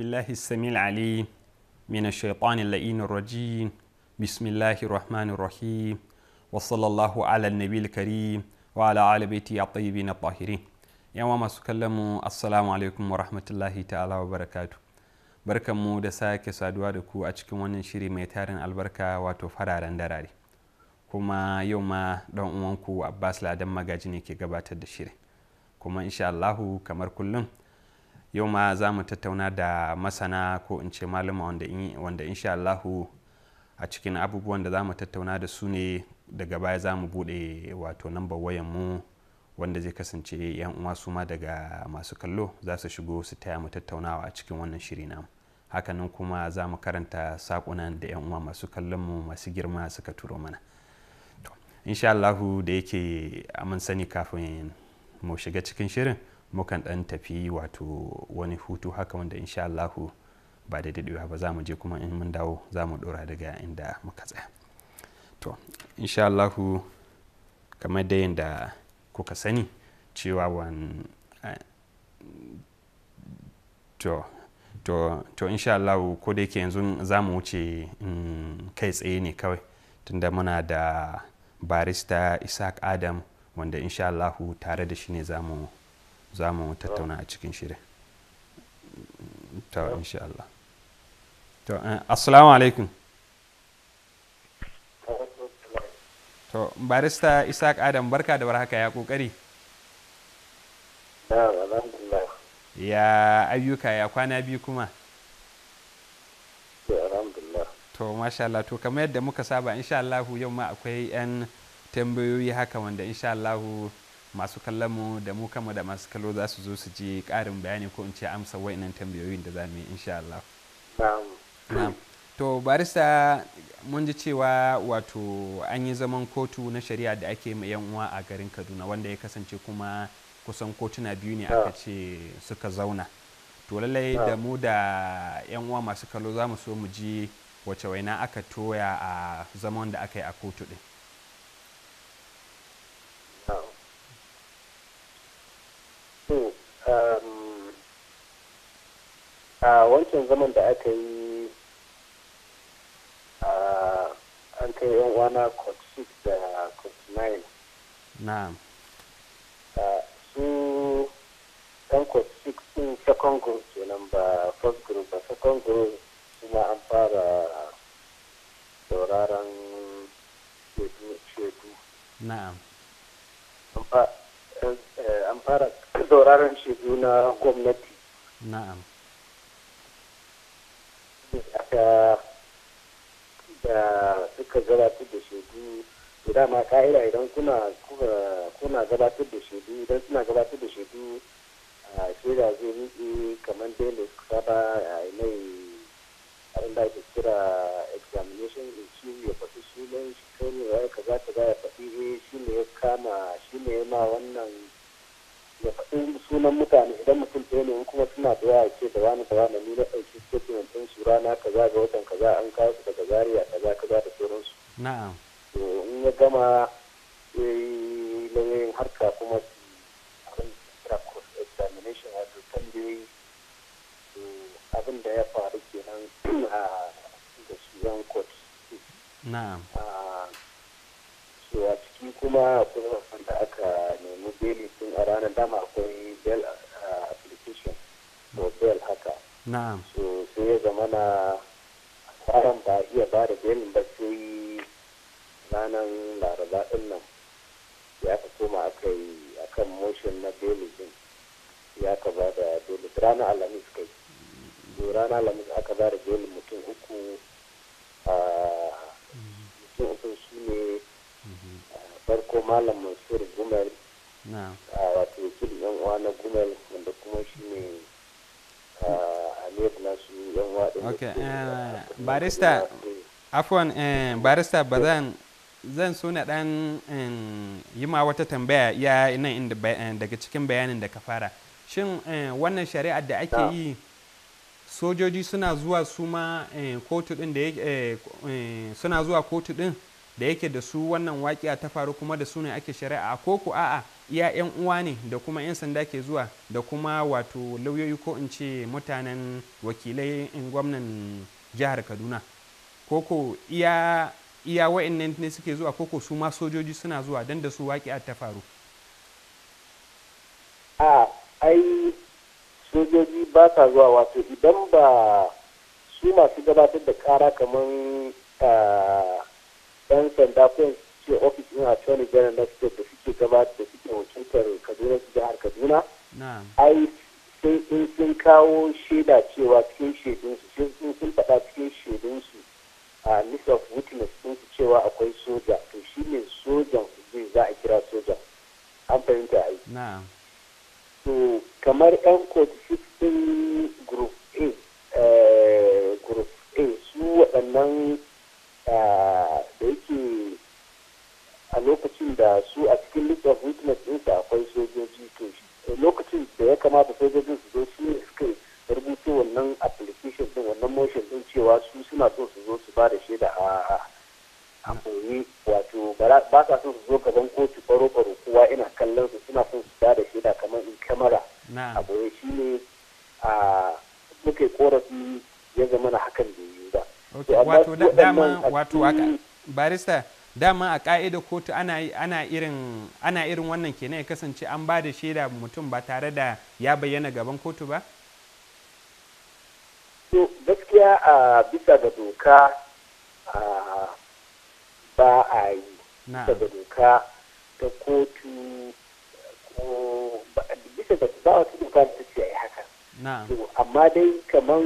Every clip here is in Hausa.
بالله السميع العليم من الشيطان اللئين الرجيم بسم الله الرحمن الرحيم وصلى الله على النبي الكريم وعلى آل بيته الطيبين الطاهرين يا ما سكلموا السلام عليكم ورحمة الله تعالى وبركاته barkan mu da sake saduwa da ku a cikin wannan shirin mai tarin albarka wato fararen darare kuma yau ma dan uwanku abbas ladan magaji ne ke gabatar da shirin kuma insha kamar kullum yau ma za mu tattauna da masana ko in ce malama wanda insha Allahu a cikin abubuwan da za mu tattauna da su ne daga baya za mu bude wato nambar wayan mu wanda zai kasance yan uwa su ma daga masu kallo za su shigo su taya mu tattaunawa a cikin wannan shiri na hakanan kuma za mu karanta sakunan da yan uwa masu kallon mu masu girma suka turo mana to insha Allahu da yake mun sani kafin mu shiga cikin shirin mukan dan tafi wato wani hutu haka wanda insha Allahu ba da daɗewa ba za mu je kuma in mun dawo za mu ɗora daga inda muka tsaya to insha Allahu kamar da yadda kuka sani cewa wan eh, to to to insha Allah ko da yake yanzu za mu wuce kai tsaye ne kawai tunda muna da barista Isaac Adam wanda insha Allah tare da shi ne za mu za mu tattauna a cikin shirin ta insha Allah to eh, assalamu alaikum to barista isaac adam barka da warhaka ya kokari ya ayyuka ya kwana biyu kuma to masha Allah to kamar yadda muka saba insha Allah yau ma akwai 'yan tambayoyi haka wanda insha Allah masu kallon mu da mu kama da masu kallo za su zo su ji karin bayani ko in ce amsa wainan tambayoyin da za mu yi insha Allah. Na'am. To barista mun ji cewa wato an yi zaman kotu na shari'a da ake ma yan uwa a garin Kaduna wanda ya kasance kuma kusan kotuna biyu ne aka ce suka zauna. To lallai da mu da yan uwa masu kallo za mu so mu ji wace waina aka toya a zaman da aka yi a kotu din. wancan zaman da aka yi an kai yan wana court 6 da court 9 na'am su yan court 6 din second group kenan ba first group ba second group suna an fara sauraron shaidu na'am eh, an fara sauraron shaidu na gwamnati na'am mata da suka gabatar da shaidu to dama ka'ira idan kuna kuna gabatar da shaidu idan suna gabatar da shaidu a shaida zai miƙe kamar da yadda suka saba a mai abin da ake kira examination in shi ya faɗi ne, shi kai ne ya kaza kaza ya faɗi eh, shi ne ya kama shi ne ya ma wannan ya faɗi sunan mutane idan mutum ta yi kuma suna da yawa ce da wani da wani ni na ɗauki statement ɗin su rana kaza ga watan kaza an kawo su daga zaria kaza kaza da sauransu. Na'am. To in ya gama ya yi lauyoyin harka kuma abin da examination wato to abin da ya faru kenan a da su yan court. Na'am. So a ciki kuma akwai wasan da aka ne samu beli a ranar dama akwai bel ah, application to bell haka na'am so sai ya zama na tsarin ba iya ba da bell ba sai ranar laraba din nan ya ka koma aka yi akan motion na beli din ya ka ba da beli ranar alamis kai so ranar alamis aka ba da bell mutum uku ah, mm-hmm. mutum uku su ne mm-hmm. ah, farko malam mansur gumel wato barista afwan eh, barista ba zan so na dan yi ma wata tambaya ya nan inda eh, daga cikin bayanin da ka fara shin eh, wannan shari'ar da ake yi sojoji suna zuwa su ma kotu din da suna zuwa kotu din da yake da su wannan waƙiya ta faru kuma da su ne ake shari'a ko ku a'a iya 'yan uwa ne da kuma 'yan sanda ke zuwa da kuma wato lauyoyi ko in ce mutanen wakilai in gwamnan jihar kaduna koko iya iya wa'annan ne suke zuwa koko su ma sojoji suna zuwa don da su waƙi ta faru a ai sojoji ba sa zuwa wato idan ba su masu gabatar da kara kamar ah, 'yan sanda ko ce ofis ɗin a tony general na state da suke gabatar da suke wakiltar kaduna su jihar kaduna ai sai in sun kawo shaida cewa cikin shaidun su sun faɗa cikin su a list of witness sun su cewa akwai soja to shi ne sojan zai za a kira soja an fahimta ai to kamar yan code 16 group a eh, group a su waɗannan ah, da yake a lokacin da su a cikin list of witness ɗinsa akwai sojoji to eh, lokacin da ya kamata sojojin su zo su ne suka rubuto wannan application din wannan motion din cewa su suna so su zo su ba da shaida a a koyi wato ba sa so su zo gaban kotu baro baro kowa ina kallon su suna so su ba da shaida kamar in kamara a boye shi ne a muke korafi ya zama na hakan da yi ba. wato dama wato barista dama a ka'ida kotu ana irin wannan kenan ya kasance an ba da shaida mutum ba tare da ya bayyana gaban kotu ba to gaskiya a bisa ga doka ba a yi bisa ga doka ta kotu ko bisa ga ba wata doka da ta yi haka amma dai kamar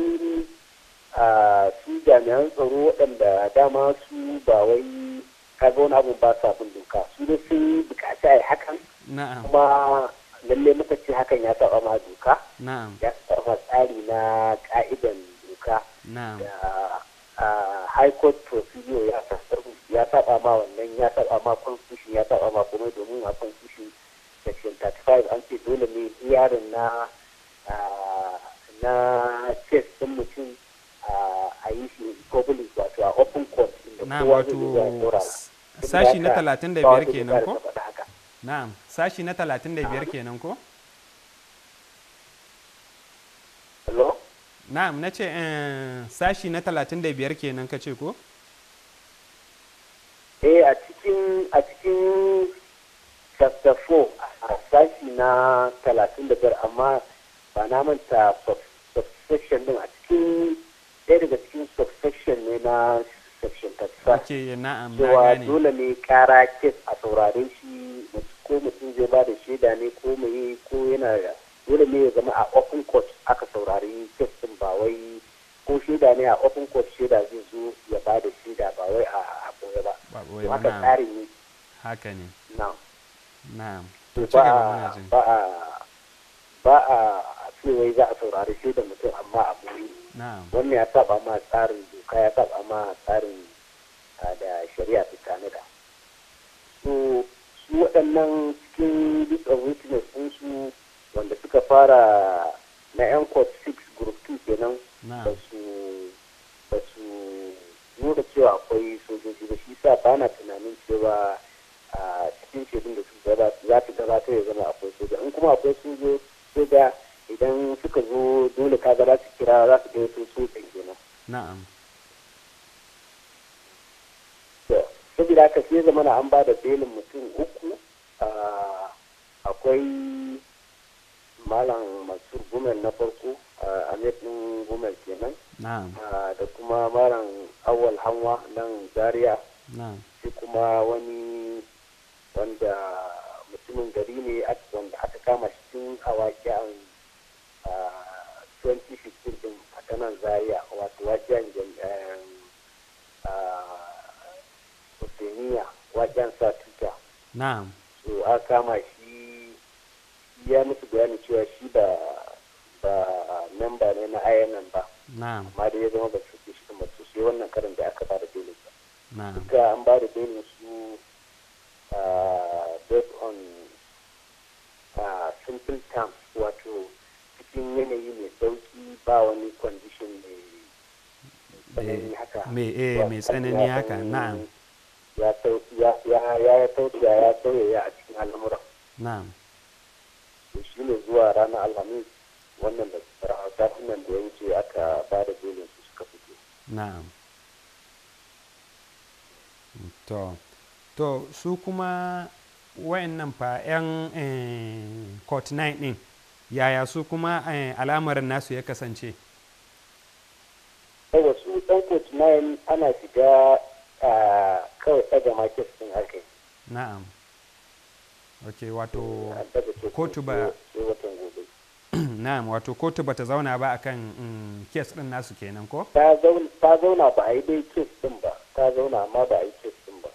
su jami'an tsaro waɗanda dama su ba wai kaga wani abun ba sa bin doka su ne sun bukaci a yi hakan kuma lalle muka ce hakan ya taɓa ma doka ya taɓa tsari na ka'idan doka da high court procedure ya ya taɓa ma wannan ya taɓa ma constitution ya taɓa ma kuma domin a constitution section 35 an ce dole ne yaron na na case ɗin mutum a yi shi public wato a open court inda kowa zai zo ya sashi na 35 kenan ko na'am sashi na 35 kenan ko Hello? na'am na ce eh, sashi na 35 kenan ka ce ko eh a cikin a cikin chapter 4 a sashi na 35 amma ba na manta subsection din a cikin ɗaya daga cikin subsection ne na exception ta sa cewa dole ne kara kes a saurare shi ko mutum zai ba da shaida ne ko mai ko yana dole ne ya zama a open court aka saurari kes din ba wai ko shaida ne a open court shaida zai zo ya ba da shaida ba wai a koya ba haka tsarin ne haka ne na'am ba a ba a cewa za a saurari shaida mutum amma a wannan ya saba ma tsarin ya saba ma tsarin da shari'a ta tanada so su waɗannan cikin list of witness su wanda suka fara na yan court six group two kenan ba ba su nuna cewa akwai sojoji ba shi sa ba na tunanin cewa a cikin shaidun da su za ta gabatar ya zama akwai soja in kuma akwai soja idan suka zo dole ka za su kira za su gaya soja kenan na'am saboda ka sai zamana an ba da belin mutum uku ah, akwai malam masu gumel na farko a ah, din gumel kenan ah, da kuma malam awal hanwa nan zaria shi kuma wani wanda mutumin gari ne wanda aka kama shi tun a 2015 a kanan zaria wato waƙiyan eh, Tanzania wajen satuta. Na'am. So a kama shi ya musu bayani cewa shi ba ba memba ne na ayanan ba. Na'am. Amma dai ya zama ba su shi kuma su sai wannan karin da aka bada belin ba. Na'am. Duka an bada belin su based on uh, simple terms wato cikin yanayi mai sauki ba wani condition mai tsanani eh, Mai tsanani haka na'am. ya tausaya ya ya a cikin al'amuran to shi ne zuwa ranar alhamis wannan da satin nan da ya wuce aka ba da belin su suka fito na'am to to su kuma wayannan fa 'yan eh, court 9 din yaya su kuma eh, al'amarin nasu ya kasance yawa su ɗan court 9 ana shiga kawai tsaga market sun na'am ok wato kotu ba na'am wato kotu ba ta zauna ba akan mm, kes din nasu kenan ko ta zauna ba a yi dai kes din ba ta zauna amma ba a yi kes din ba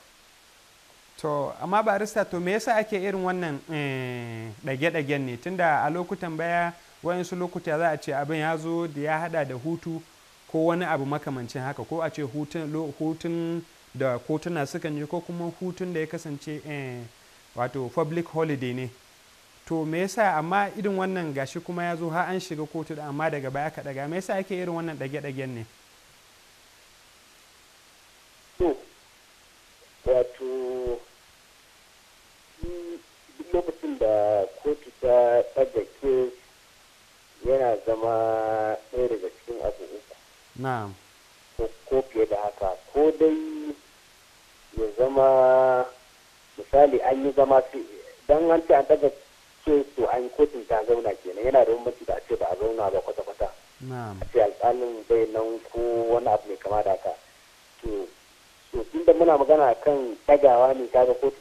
to amma barista to me yasa ake irin wannan eh, ɗage-ɗagen ne tunda a lokutan baya wayansu lokuta za a ce abin ya zo da ya hada da hutu ko wani abu makamancin haka ko a ce hutun da kotuna sukan yi ko kuma hutun da ya kasance eh, wato public holiday ne to me yasa amma irin wannan gashi kuma ya zo ha an shiga kotu amma daga baya ka daga me yasa ake irin wannan dage-dagen ne magana kan ɗagawa ne kaga kotu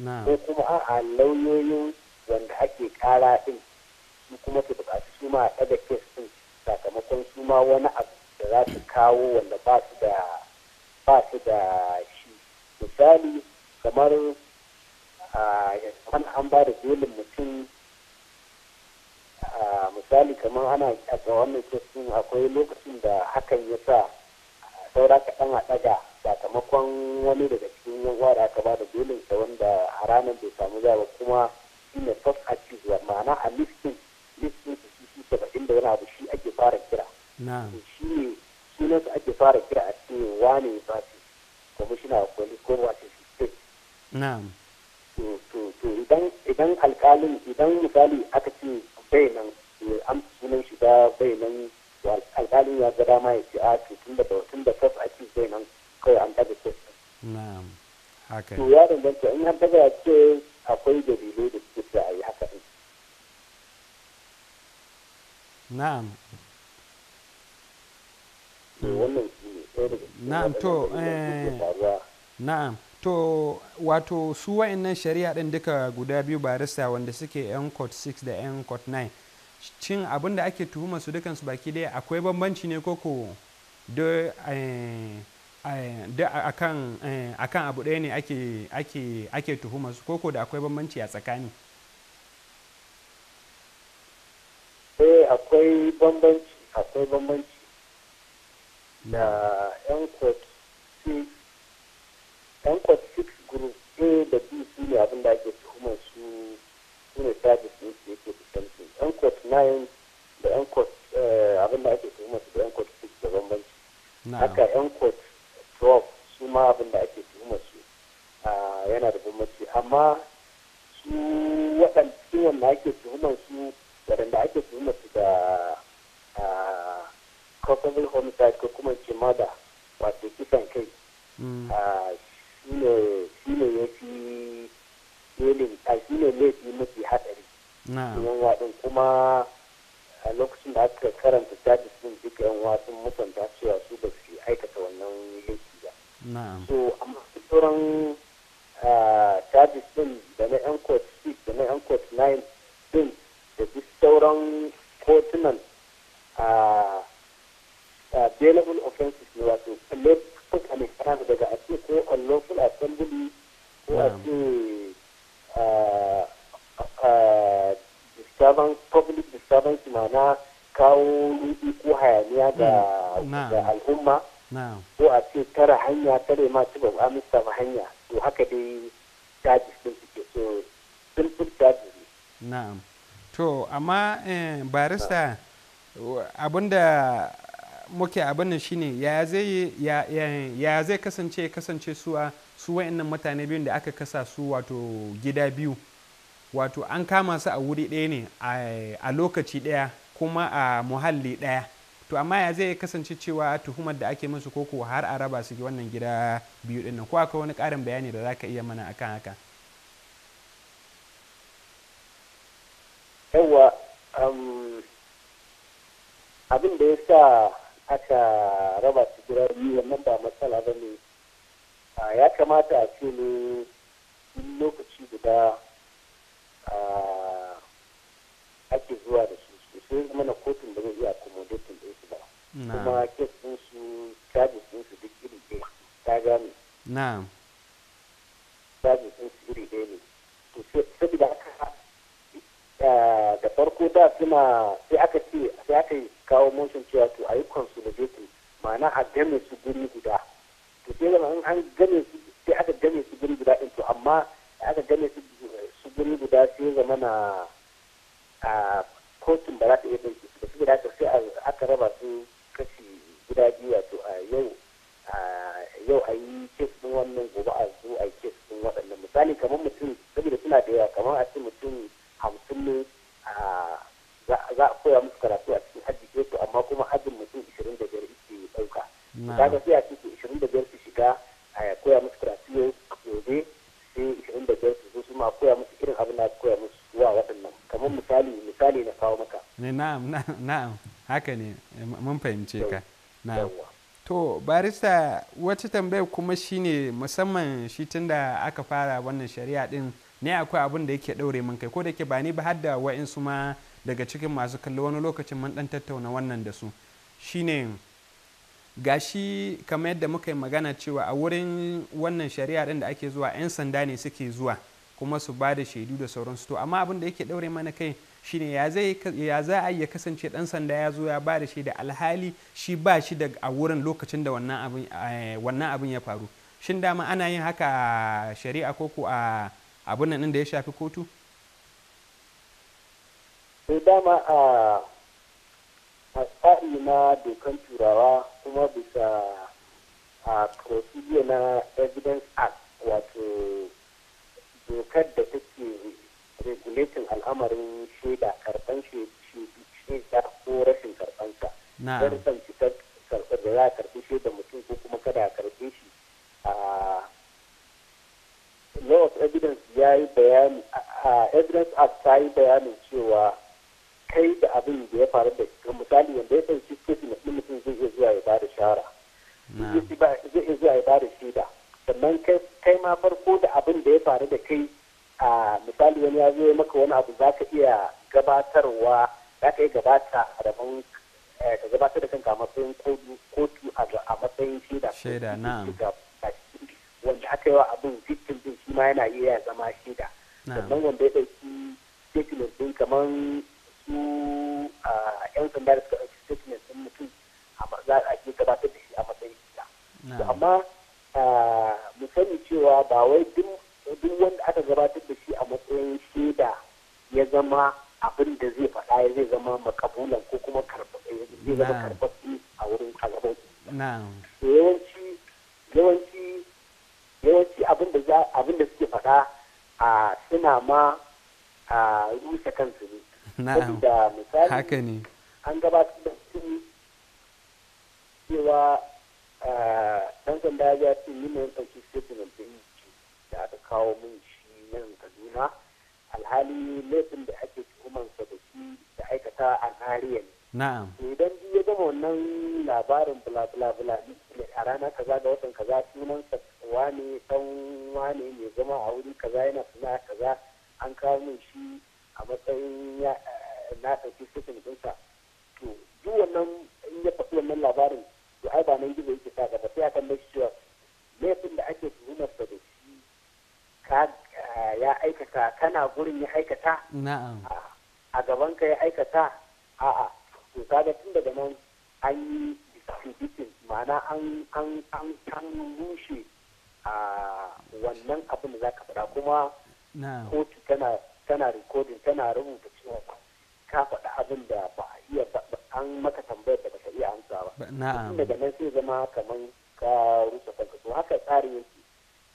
ko kuma a lauyoyin wanda ake kara din su kuma su bukaci su ma ɗaga kes ɗin sakamakon su ma wani abu da za su kawo wanda ba su da ba su da shi misali kamar wani an ba da dolin mutum misali kamar ana a wannan kes ɗin akwai lokacin da hakan ya sa saura kaɗan a ɗaga sakamakon wani daga cikin yan da aka ba da dole da wanda a ranar bai samu ba kuma fos a accused ma'ana a listin listin su su saba'in da wani abu shi ake fara kira shi ne sunan su ake fara kira a cikin wani ba su commissioner of kwali ko ba su state to idan alkalin idan misali aka ce bai nan an sunan shiga bai nan alkalin ya ga dama ya ce a ah, tun da tun da first accused bai nan kai an ɗaga kes na'am haka to ya danganta in har daga ce akwai dalilai da suke da a yi haka din na'am na'am to eh, na'am to wato su wa'annan shari'a din duka guda biyu barista wanda suke yan court 6 da yan court 9 cin abin da ake tuhumar su dukansu baki daya akwai bambanci ne koko da Eh, eh, a kan abu ɗaya ne ake tuhumar su koko da akwai bambanci a tsakani eh akwai bambanci akwai bambanci na yan kwat 6 group a da b su ne abin da ake tuhumar su su ne sabis ne su yake fuskanci yan kwat 9 da yan kwat eh, abin da ake tuhumar su da yan kwat 6 da bambanci haka yan kwat drop su ma abin da ake tuhumar su yana da bambanci amma su waɗanda ciwon da ake tuhumar su waɗanda ake tuhumar su da culpable homicide ko kuma ce mada wato kisan kai hmm. shi ne ya fi yelin a shi ne fi mafi haɗari yan waɗin kuma a lokacin da aka karanta jajis din duka yan waɗin mutanta cewa su ba to amma sauran ah, barista abinda muke abinnan shine ya zai ya zai kasance kasance suwa su wa'annan mutane biyun da aka kasa su wato gida biyu wato an kama su a wuri ɗaya ne a lokaci ɗaya kuma a muhalli ɗaya to amma ya zai kasance cewa tuhumar da ake musu koko har a raba su wannan gida biyu ɗin ko akwai wani ƙarin bayani da za ka iya mana akan haka yawwa abin da ya sa aka raba su gura biyu wannan ba matsala ba ne ya kamata a ce ne lokaci guda ake zuwa da su sai zama na kotun da zai iya accommodating da su ba kuma kes ɗin su charges sun su duk iri ɗaya ta gane na'am charges ɗin su iri ɗaya ne to da aka da farko da suna sai aka ce sai aka yi kawo motion cewa to a yi consolidating ma'ana a game su guri guda to sai zama an game su sai aka game su guri guda din to amma aka game su guri guda sai zama na a kotun ba za ta iya binci da su da sai aka raba su kashi guda biyu wato a yau yau a yi kes din wannan gobe a zo a yi kes din waɗannan misali kamar mutum saboda suna da yawa kamar a ce mutum hamsin ne a za a koya musu karatu a cikin ke to amma kuma hajjin mutum ishirin da biyar ke ɗauka kaga sai a ce ishirin da biyar su shiga a koya musu karatu yau gobe sai ishirin da biyar su zo su ma koya musu irin abin da koya musu wa waɗannan kamar misali misali na kawo maka na'am na'am haka ne mun fahimce ka na'am to barista wata tambayar kuma shine musamman shi tunda aka fara wannan shari'a din ne akwai abin da yake ɗaure min kai ko da ke ba ni ba har da wa'insu ma daga cikin masu kalli wani lokacin mun dan tattauna wannan da su shine gashi kamar yadda muka yi magana cewa a wurin wannan shari'a din da ake zuwa 'yan sanda ne suke zuwa kuma su ba da shaidu da sauransu to amma abin da yake daure mana kai shine ya za a ya kasance ɗan sanda ya zo ya ba da shaida alhali shi ba shi da a wurin lokacin da wannan abin eh, ya faru shin dama ana yin haka shari'a ko ko a abin nan da ya shafi kotu sai dama a a tsari na dokan turawa kuma bisa a procedure na evidence act wato dokar da take regulating al'amarin shaida karban shaida ko rashin karbanta don san cikar da za a karbi shaida mutum ko kuma kada a karbe shi a law of evidence ya yi bayani a evidence act ta yi bayanin cewa kai da abin da ya faru da ga misali wanda ya ɗauki na ɗin mutum zai iya zuwa ya ba da shara zai iya zuwa ya bada shaida sannan kai ma farko da abin da ya faru da kai a misali wani ya zo ya maka wani abu za ka iya gabatarwa za ka iya gabata a daban eh, ka gabatar da kanka a matsayin kotu a matsayin shaida shaida na. wanda aka yi wa abin victim din shi ma yana iya zama shaida sannan wanda ya ɗauki statement din kamar su yan sanda da suka ɗauki statement ɗin mutum za a iya gabatar da shi a matsayin gida amma mu sani cewa ba wai duk wanda aka gabatar da shi a matsayin shaida ya zama abin da zai faɗa ya zai zama makabulan ko kuma zai karɓaɓɓe a wurin kalabar yawanci yawanci yawanci abin da suke faɗa suna ma rusa kansu ne na'am haka ne an gabatar da cikin cewa dan ah, sanda ya ce ni ne ɗauki statement ɗin da aka kawo min shi nan kaduna alhali laifin da ake sa da shi da aikata a nariya na'am idan ya gama wannan labarin bula bula bula a rana kaza ga watan kaza sunansa wane dan wane mai zama a wuri kaza yana suna kaza an kawo min shi a matsayin ya na ɗauki station ɗinsa to duk wannan in ya faɗi wannan labarin to ai ba nan gizo yake sa gaba sai akan make sure laifin da ake tuhumar sa da shi ka eh, ya aikata kana gurin ya aikata na'am a gaban ka ya aikata a'a to kaga tun daga nan an yi distributing ma'ana an an an an rushe a wannan abin da za ka faɗa kuma kotu tana tana recording tana rubuta cewa ka faɗi abin da ba a iya an maka tambayar da ba ka iya amsa ba na'am daga nan sai zama kamar ka rusa kanka to haka tsarin yake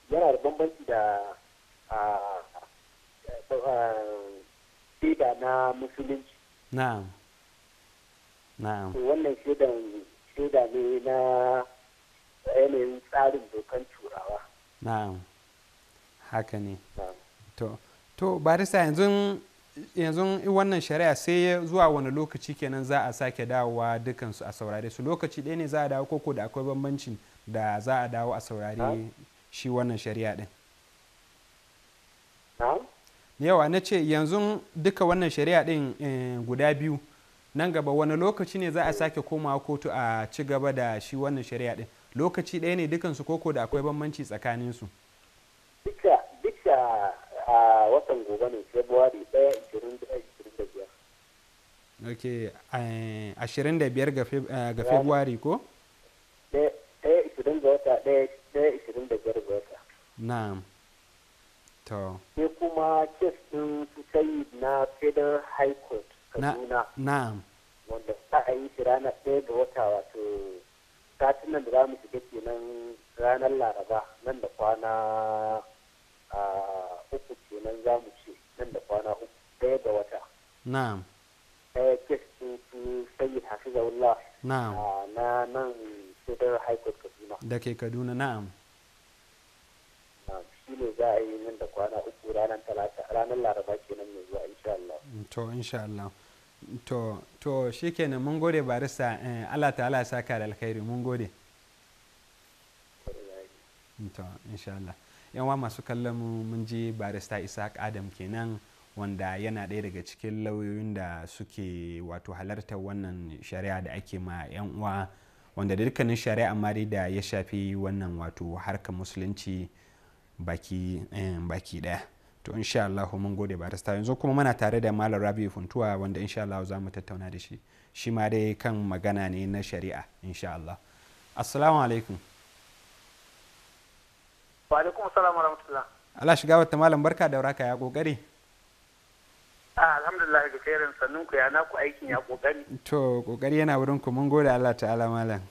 yana da bambanci da shaida na musulunci na'am na'am to wannan shaidan shaida ne na yanayin tsarin dokan turawa na'am haka ne to to barista yanzu yanzu wannan shari'a sai zuwa wani lokaci kenan za a sake dawowa dukansu a saurare su lokaci ɗaya ne za a dawo koko da akwai bambanci da za a dawo a saurare shi wannan shari'a ɗin yawa na ce yanzu duka wannan shari'a ɗin eh, guda biyu nan gaba wani lokaci ne za a sake komawa kotu a ci gaba da shi wannan shari'a ɗin lokaci ɗaya ne dukansu koko da akwai bambanci tsakaninsu duka a watan gobe ne february 1 25 ok eh, ashirin da biyar ga eh, february ko? ɗaya ishirin ga wata ɗaya ishirin da biyar ga wata na'am to sai kuma kes ɗin sai na federal high court kaduna na'am wanda za a yi shi ranar ɗaya ga wata wato satin nan da za mu shiga kenan ranar laraba nan da kwana ah, uku kenan za mu ce nan da kwana uku ɗaya ga wata na'am ɗaya ke su su sayyid hafizahullah na'am na nan sudar high court kaduna da ke kaduna na'am shi ne za a yi nan da kwana uku ranar talata ranar laraba kenan mai zuwa insha Allah to insha Allah to to shi shikenan mun gode barista eh, Allah ta Allah ya ka da alkhairi mun gode to insha Allah yawa masu kallon mu mun je barista isaac adam kenan wanda yana ɗaya daga cikin lauyoyin da suke wato halartar wannan shari'a da ake ma 'yan uwa wanda dukkanin shari'a ma dai da ya shafi wannan wato harka musulunci eh, baki ɗaya to insha Allah mun gode barista yanzu kuma muna tare da malam rabi funtuwa wanda insha Allah za mu tattauna da shi shi ma dai kan magana ne na shari'a insha Allah assalamu alaikum wa alaikum salam wa rahmatullah Allah shiga wata malam barka da waraka ya kokari ah, alhamdulillah ga kairin sannun ku ya naku aikin ya kokari to kokari yana wurin ku mun gode Allah ta'ala malam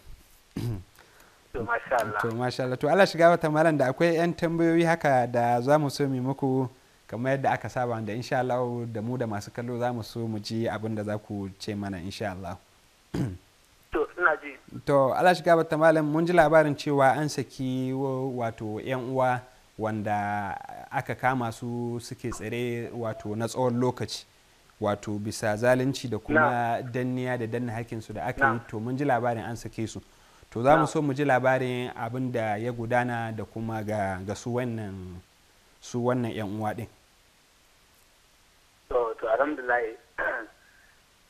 to masha Allah to Allah shiga wata malam da akwai yan tambayoyi haka da za mu so mu muku kamar yadda aka saba da insha Allah da mu da masu kallo za mu so mu ji abin da za ku ce mana insha Allah ji to Allah shiga bata malam mun ji labarin cewa an saki wato yan uwa wanda aka kama su suke tsare wato na tsawon lokaci wato bisa zalunci da kuma danniya da danna hakinsu da aka yi to mun ji labarin an sake su to za mu so mu ji labarin abin da ya gudana da kuma ga, su wannan su wannan yan uwa ɗin. to to alhamdulahi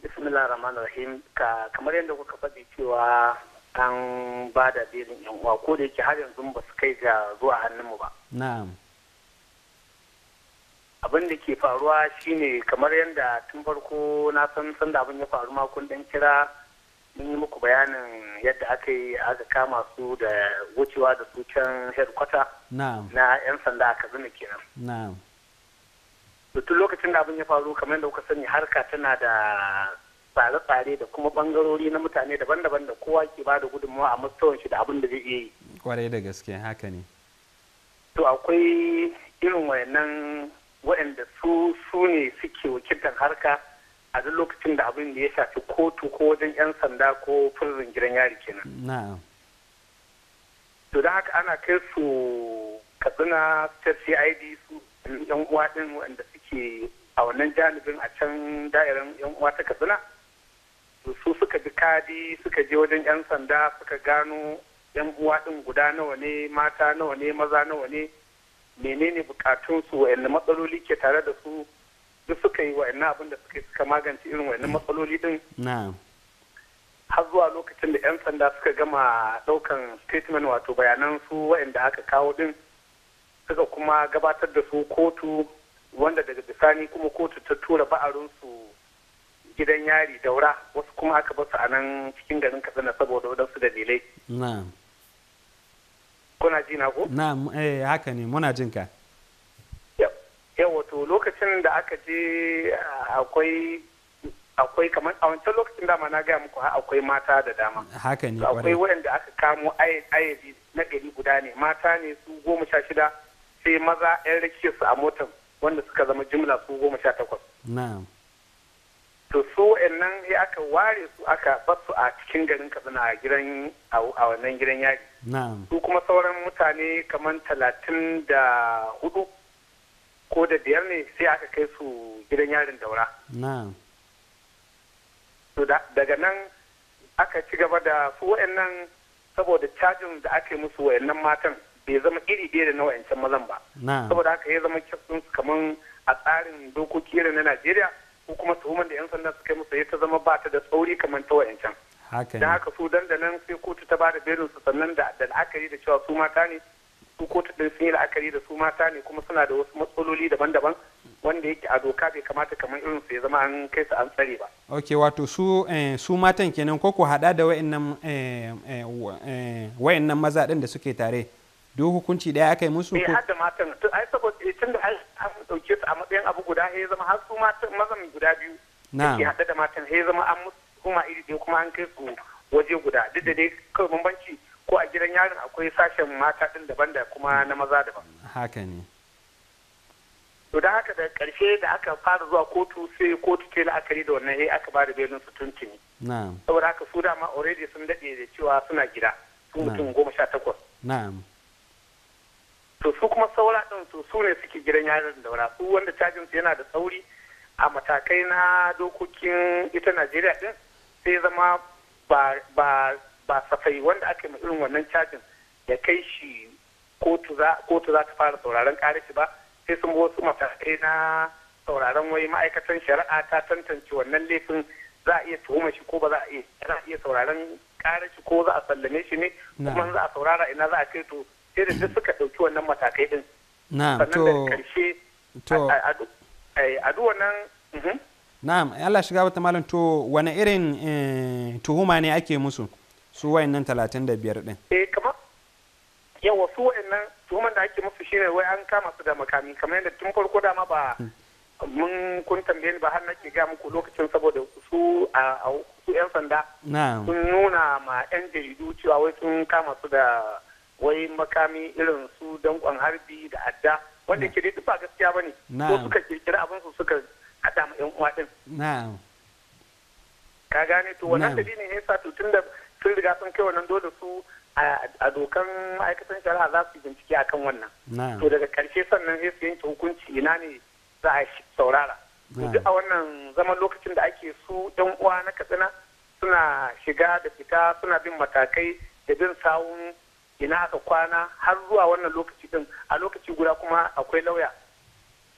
bismillah rahman rahim ka kamar yadda kuka faɗi cewa an ba da belin yan uwa ko da yake har yanzu ba su kai ga zuwa hannunmu ba na'am abin da ke faruwa shine kamar yadda tun farko na san san da abin ya faru makon dan kira mun yi muku bayanin yadda aka yi aka kama su da wucewa da su can headquarter na 'yan sanda a kaduna kenan tun lokacin da abin ya faru kamar da kuka sani harka tana da tsare-tsare da kuma bangarori na mutane daban-daban da kowa ke ba da gudunmawa a mustawan shi da abin da zai iya yi kwarai da gaske haka ne to akwai irin wayannan waɗanda su su ne suke wakiltar harka a duk lokacin da abin da ya shafi kotu ko wajen 'yan sanda ko furzin gidan yari kenan to don haka ana kai su katsina ta cid su yan uwa din waɗanda suke a wannan janibin a can da'irin yan uwa ta katsina su suka bi kadi suka je wajen yan sanda suka gano yan uwa din guda nawa ne mata nawa ne maza nawa ne menene bukatunsu yanzu matsaloli ke tare da su duk suka yi wa'annan abin da suka suka magance irin wa'annan matsaloli din har zuwa lokacin da 'yan sanda suka gama daukan statement wato bayanan su wa'anda aka kawo din suka kuma gabatar da su kotu wanda daga bisani kuma kotu ta tura ba'arinsu gidan yari daura wasu kuma aka basu a nan cikin garin katsina saboda wadansu dalilai na'am kuna ji na ko na'am eh haka ne muna jin ka yau wato lokacin da aka je akwai akwai kamar a wancan lokacin dama na gaya muku akwai mata da dama haka ne akwai waɗanda aka kamo ayyabi na gari guda ne mata ne su goma sha shida sai maza yan rake a motar wanda suka zama jumla su goma sha takwas to su nan ya aka ware su aka basu a cikin garin katsina a gidan a wannan gidan yari su kuma sauran mutane kaman talatin da hudu ko da biyar ne sai aka kai su gidan yarin daura to daga nan aka ci gaba da su nan saboda cajin da aka yi musu wayannan matan bai zama iri ɗaya da na wa'ancan mazan ba saboda haka ya zama kyaftin kaman a tsarin dokoki irin na najeriya ko kuma tuhumar da yan sanda suka yi musu ya ta zama ba ta da tsauri kamar ta wa'ancan da haka su dan sai kotu ta bada berin su sannan da la'akari da cewa su mata ne su kotu ɗin sun yi la'akari da su mata ne kuma suna da wasu matsaloli daban-daban wanda yake a doka bai kamata kamar irin su ya zama an kai su an tsare ba. ok wato su eh, su matan kenan ko ku haɗa da wayannan eh, eh, maza ɗin da suke tare. duk hukunci ɗaya aka yi musu ko eh da matan to ai saboda eh, tun da an dauke su a matsayin abu guda ya zama har su matan mazan guda biyu na ke hada da matan ya zama an musu kuma iri ɗaya kuma an kai su waje guda duk da dai kawai bambanci ko a gidan yarin akwai sashen mata ɗin daban da kuma na maza daban haka ne to da haka da ƙarshe da aka fara zuwa kotu sai kotu ce la'akari da wannan ya aka bada belin su tuntuni na'am saboda haka su dama already sun daɗe da cewa suna gida su mutum goma sha takwas na'am to su kuma saura ɗin su su ne suke gidan yarin daura su wanda cajin su yana da sauri a matakai na dokokin ita najeriya ɗin sai zama ba safai wanda aka yi irin wannan cajin ya kai shi kotu za ta fara sauraron kare shi ba sai sun wasu matakai na sauraron wai ma'aikatan shari'a ta tantance wannan laifin za a iya tuhuma shi ko ba za a iya sauraron kare shi ko za a sallame shi ne kuma za a saurara ina za a kai to irin da suka ɗauki wannan matakai din sannan da karshe aduwa nan mhm. na'am Allah shiga wata malam to wani irin eh, tuhuma ne ake musu su wayannan talatin da biyar din eh yau yawa su wayannan tuhuman da ake musu shine wai an kama su da makami kamar yadda tun farko dama ba mm. mun kun tambaye ni ba har nake ga muku lokacin saboda su a su yan sanda sun nuna ma yan jaridu cewa wai sun kama su da wai makami irin su dankon harbi da adda wanda ke dai ba gaskiya ba ne ko suka kirkira abin su suka hada ma yan uwa din ka gane to wannan dalilin ne yasa to tunda sun riga sun kai wannan dole su a dokan ma'aikatan shari'a za su bincike akan wannan to daga karshe sannan sai su yanke hukunci ina ne za a saurara duk a wannan zaman lokacin da ake su yan uwa na katsina suna shiga da fita suna bin matakai da bin sawun ina aka kwana har zuwa wannan lokaci din a lokaci guda kuma akwai lauya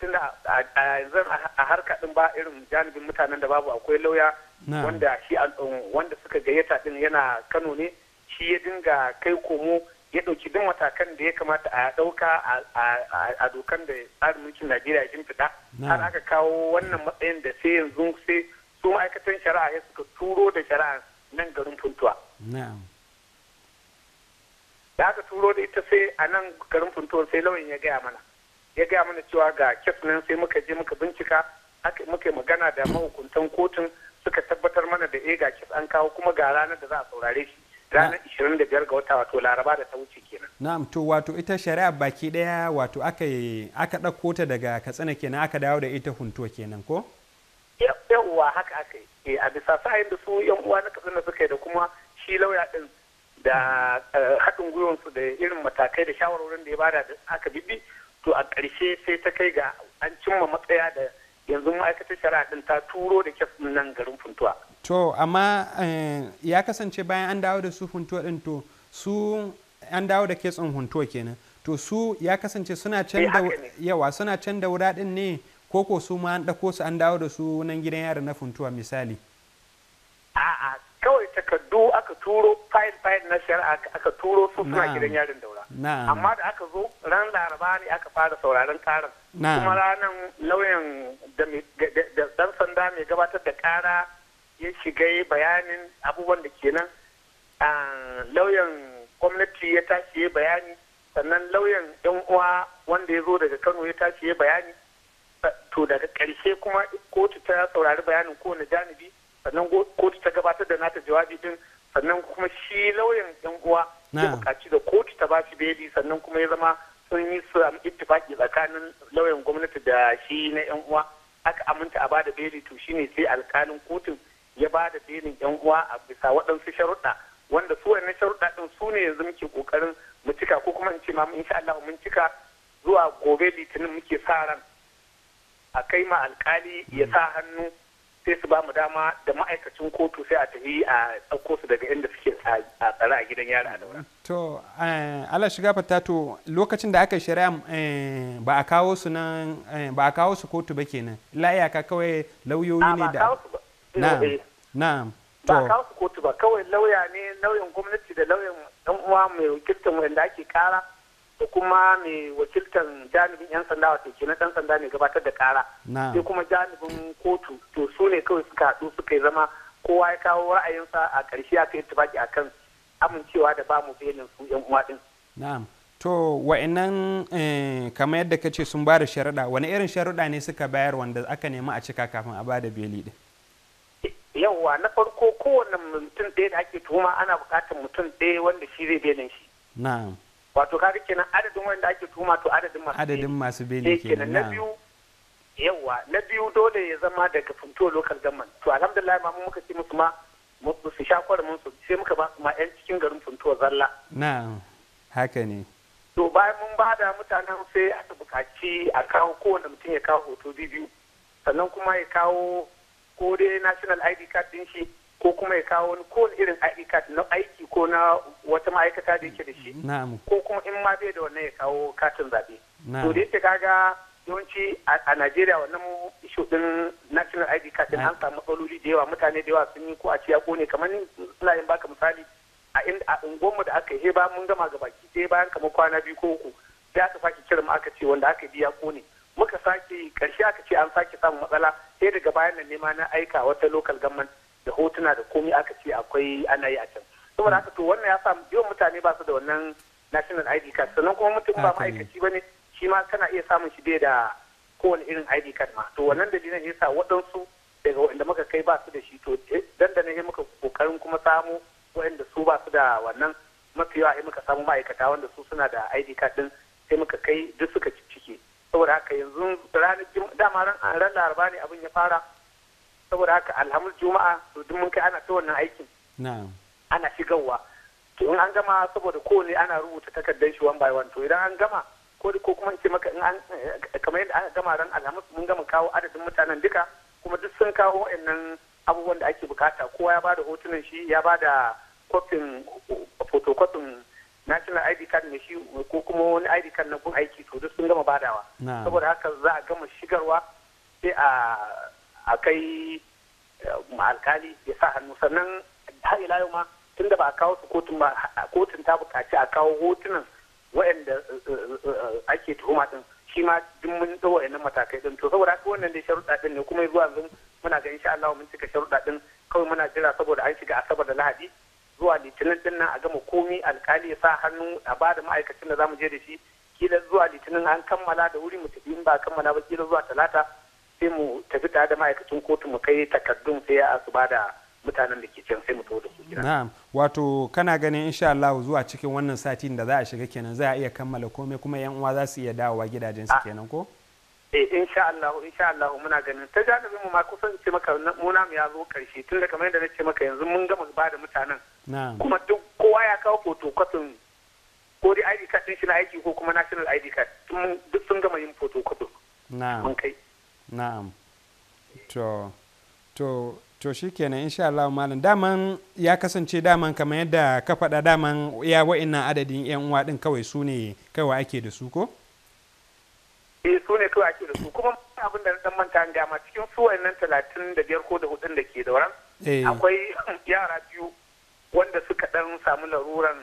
tunda a yanzu a harka din ba irin janibin mutanen da babu akwai lauya wanda shi um, wanda suka gayyata din yana Kano ne shi ya dinga kai komo ya ɗauki duk matakan da ya kamata a ɗauka a dokan da tsarin mulkin Najeriya ya shimfiɗa har aka kawo wannan matsayin da sai yanzu sai su ma'aikatan shari'a ya suka turo da shari'a nan garin fultuwa da aka turo da ita sai a nan garin funtuwa sai lauyin ya gaya mana ya gaya mana cewa ga kes nan sai muka je muka bincika muka magana da mahukuntan kotun suka tabbatar mana da eh ga kes an kawo kuma ga ranar da za a saurare shi ranar 25 ga wata wato laraba da ta wuce kenan na'am to wato ita shari'a baki daya wato aka aka ɗauko ta daga katsina kenan aka dawo da ita funtuwa kenan ko yawwa haka aka yi eh, a bisa sa'in da su yan uwa na katsina suka yi da kuma shi lauya din da eh, haɗin gwiwansu da irin matakai da shawarwarin da ya bada da aka bibi to a ƙarshe sai ta kai ga an cimma matsaya da yanzu ma'aikatar shari'a ɗin ta turo da kyas nan garin funtuwa. to amma eh, ya kasance bayan an dawo da su funtuwa ɗin to su an dawo da hunto kenan to su ya kasance suna can eh, da yawa suna can da wura ne ko ko su ma an dako su an dawo da su nan gidan yara na funtuwa misali a'a kawai takardu aka turo fayil fayil na shari'a aka turo su suna gidan yarin daura amma da aka zo ran laraba ne aka fara sauraron karin kuma ranar lauyan da dan sanda mai gabatar da kara ya shiga bayanin abubuwan da kenan ah, lauyan gwamnati ya tashi ya bayani sannan lauyan yan uwa wanda ya zo daga kano ya tashi ya bayani to daga karshe kuma kotu ta saurari bayanin kowane janibi sannan kotu ta gabatar da nata jawabi din sannan kuma shi lauyan yan uwa ya buƙaci da kotu ta bashi beli sannan kuma ya zama sun yi su samu ittifaki tsakanin lauyan gwamnati da shi na yan uwa aka aminta a bada beli to shine sai alkalin kotun ya bada belin yan uwa a bisa waɗansu sharuɗa wanda su wannan sharuɗa ɗin su ne yanzu muke kokarin mu cika ko kuma in ce ma insha Allah mun cika zuwa gobe litinin muke sa ran a kai ma alkali ya sa hannu sai su ba mu dama da ma'aikacin kotu sai a tafi a ɗauko su daga inda suke a tsare a gidan yara a daura. To, eh, Allah shiga to lokacin da aka shari'a eh, ba a kawo su nan eh, ba a kawo su kotu ba kenan. La kawai lauyoyi ne da. Ba a kawo su kotu ba kawai lauya ne lauyan gwamnati da lauyan ɗan uwa mai wakiltar wanda ake kara. kuma mai wakiltar jami'in 'yan sanda wato na dan sanda ne gabatar da kara sai kuma jami'in kotu to su ne kawai suka haɗu suka yi zama kowa ya kawo ra'ayinsa a ƙarshe aka yi tufaki akan amincewa da ba mu belin su yan uwa din na'am to wa'annan eh, kamar yadda kace sun ba da sharuɗa wani irin sharuɗa ne suka bayar wanda aka nemi a cika kafin a ba da beli din yawwa na farko kowane mutum ɗaya da ake tuhuma ana buƙatar mutum ɗaya wanda shi zai belin shi na'am wato kaga kenan adadin wanda ake tuma to adadin masu adadin masu bene eh, kenan na biyu yawa na biyu dole ya zama daga funto local government to alhamdulillah ma muka ci musu ma su sha mun su sai muka ba su ma yan cikin garin funto zalla na'am haka ne to bayan mun ba da mutanen sai aka bukaci a kawo kowane mutum ya kawo hoto biyu sannan kuma ya kawo ko dai national id card din shi ko kuma ya kawo wani ko irin aika na aiki ko na wata ma'aikata da yake da shi mm-hmm. ko kuma in ma bai da wannan ya kawo katin zaɓe. To da yake kaga yawanci a Najeriya wannan isho din national ID card din an samu matsaloli da yawa mutane da yawa sun yi ko a ciya ne kamar ni yin baka misali a inda a unguwarmu da aka yi ba mun gama ga baki sai bayan kamar kwana biyu ko uku sai aka sake kira mu aka ce wanda aka biya ko ne muka sake karshe aka ce an sake samun matsala sai daga bayan nan nema na aika wata local government da hotuna da komai aka ce akwai ana yi a can saboda haka to wannan ya sa yawan mutane ba su da wannan national id card sannan kuma mutum ba ma'aikaci ba ne shi ma kana iya samun shi bai da kowane irin id card ma to wannan dalilin ya sa waɗansu daga waɗanda muka kai ba su da shi to eh, dandana ne muka kokarin kuma samu waɗanda su ba su da wannan mafi yawa muka samu ma'aikata wanda su suna da id card din sai muka kai duk suka cike saboda haka yanzu ranar dama ran laraba ne abin ya fara saboda haka alhamis juma'a to duk mun kai ana ta wannan aikin ana shigarwa to in an gama saboda kowane ana rubuta takardar shi one by one to idan an gama ko ko kuma in ce maka in an eh, kamar yadda aka gama ran alhamis mun gama kawo adadin mutanen duka kuma duk sun kawo wa'annan abubuwan da ake bukata kowa ya bada hotunan shi ya bada kofin fotokofin national id card ne shi ko kuma wani id card na gun aiki to duk sun gama badawa saboda haka za a gama shigarwa sai a a kai eh, alkali ya sa hannu sannan har ila yau ma tun da ba a kawo su kotun ba kotun ta buƙaci a kawo hotunan waɗanda eh, eh, ake tuhuma din shi ma duk mun ɗau waɗannan matakai din to saboda haka wannan dai sharuɗa din ne kuma zuwa yanzu muna ga insha Allah mun cika sharuɗa din kawai muna jira saboda an shiga asabar da lahadi zuwa litinin din nan a gama komi alkali ya sa hannu a ba da ma'aikacin da zamu je da shi kila zuwa litinin an kammala da wuri mu tafi in ba kammala ba kila zuwa talata sai mu tafi tare da ma'aikacin kotu mu kai takardun sai a su bada mutanen da ke can sai mu tafi da su gida. Na'am, wato kana ganin insha Allah zuwa cikin wannan satin da za a shiga kenan za a iya kammala komai kuma yan uwa za su iya dawowa gidajen su ah. kenan ko? Eh insha Allah insha Allah muna ganin ta jami'in mu ma kusan ce maka muna mu ya zo karshe tun da kamar yadda na ce maka yanzu mun gama ba da mutanen. Na'am. Kuma duk kowa ya kawo fotokotin ko dai ID card din shi na aiki ko kuma national ID card duk sun gama yin fotokotin. Na'am. Mun kai. na'am to to to shikenan insha Allah malam daman ya kasance daman kamar yadda ka faɗa daman ya wa'innan adadin yan uwa din kawai su ne kawai ake da su ko eh su ne kawai ake da su kuma abin da dan manta an gama cikin su wa'annan talatin da biyar ko da hudun da ke da wurin eh. akwai yara biyu wanda suka dan samu laruran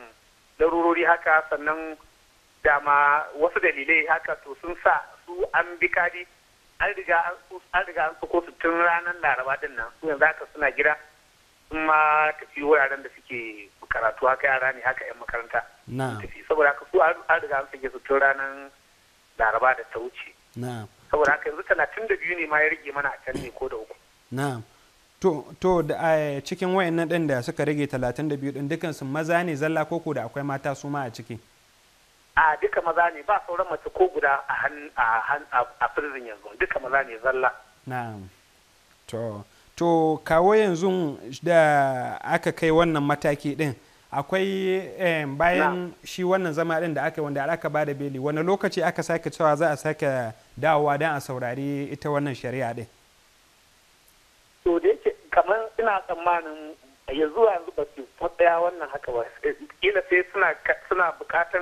larurori haka sannan dama wasu dalilai haka to sun sa su an bi kadi an riga an riga an su tun ranar laraba din nan su yanzu haka suna gida sun ma tafi wuraren da suke karatu haka yara ne haka yan makaranta tafi saboda haka su an riga an sake su tun ranar laraba da ta wuce saboda haka yanzu talatin da biyu ne ma ya rage mana a can ne ko da uku to to da a cikin wayannan din da suka rage talatin da biyu din dukansu maza ne zalla koko da akwai mata su ma a ciki a duka maza ne ba sauran mace ko guda a prison yanzu duka maza ne zalla na'am to to kawo yanzu da aka kai wannan mataki din akwai eh, bayan shi wannan zama din da aka wanda aka ba da beli wani lokaci aka sake cewa za a sake dawowa don a saurari ita wannan shari'a din to da yake kamar ina tsammanin yanzu yanzu ba su faɗaya wannan haka ba kila sai suna bukatan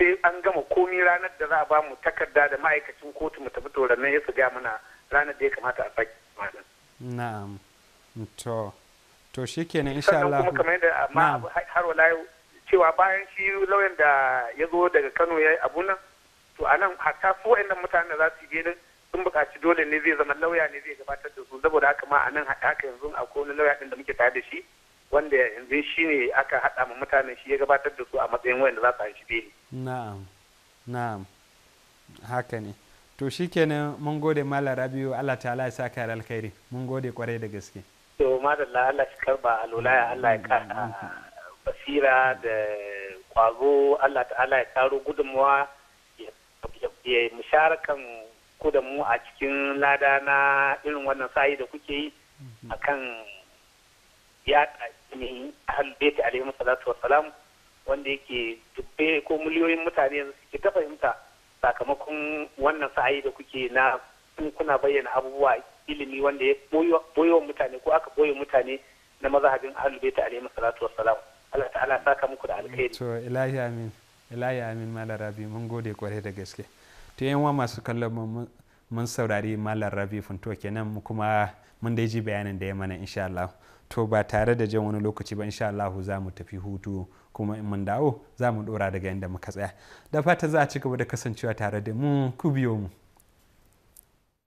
sai an gama komi ranar da za a bamu takarda da ma'aikacin kotu mu tafi nan ya su gaya mana ranar da ya kamata a sake malam. Na'am. To. To shi insha Allah. kuma kamar yadda amma har wala cewa bayan shi lauyan da ya zo daga Kano ya yi abu nan to a nan hatta su wa'annan mutanen da za su je sun buƙaci dole ne zai zama lauya ne zai gabatar da su saboda haka ma a nan haka yanzu akwai wani lauya din da muke tare da shi wanda yanzu shi ne aka haɗa ma mutane shi ya gabatar da su a matsayin wanda za su haifi bene. na'am na'am haka ne to shi kenan mun gode malam rabiu allah ta'ala ya sa kayar alkhairi mun gode kwarai da gaske to madalla allah shi karba alulaya allah ya kara basira da kwazo allah ta'ala ya taro gudunmawa ya musharakan ku da mu a cikin lada na irin wannan sayi da kuke yi mhm. akan yaɗa ne ahal baiti alaihi salatu wa salam wanda yake dubbe ko miliyoyin mutane yanzu suke ta fahimta sakamakon wannan sa'ayi da kuke na in kuna bayyana abubuwa ilimi wanda ya boyewa mutane ko aka boye mutane na mazhabin ahlul bait alaihi salatu wa salam Allah ta'ala saka muku da alkhairi to ilahi amin ilahi amin malam rabi mun gode kwarai da gaske to yan wa masu kallon mun saurari malam rabi funto kenan mu kuma mun dai ji bayanin da ya mana insha Allah to ba tare da jan wani lokaci ba insha Allah za mu tafi hutu kuma in mun dawo za mu dora daga inda muka tsaya da fata za a ci gaba da kasancewa tare da mu ku biyo mu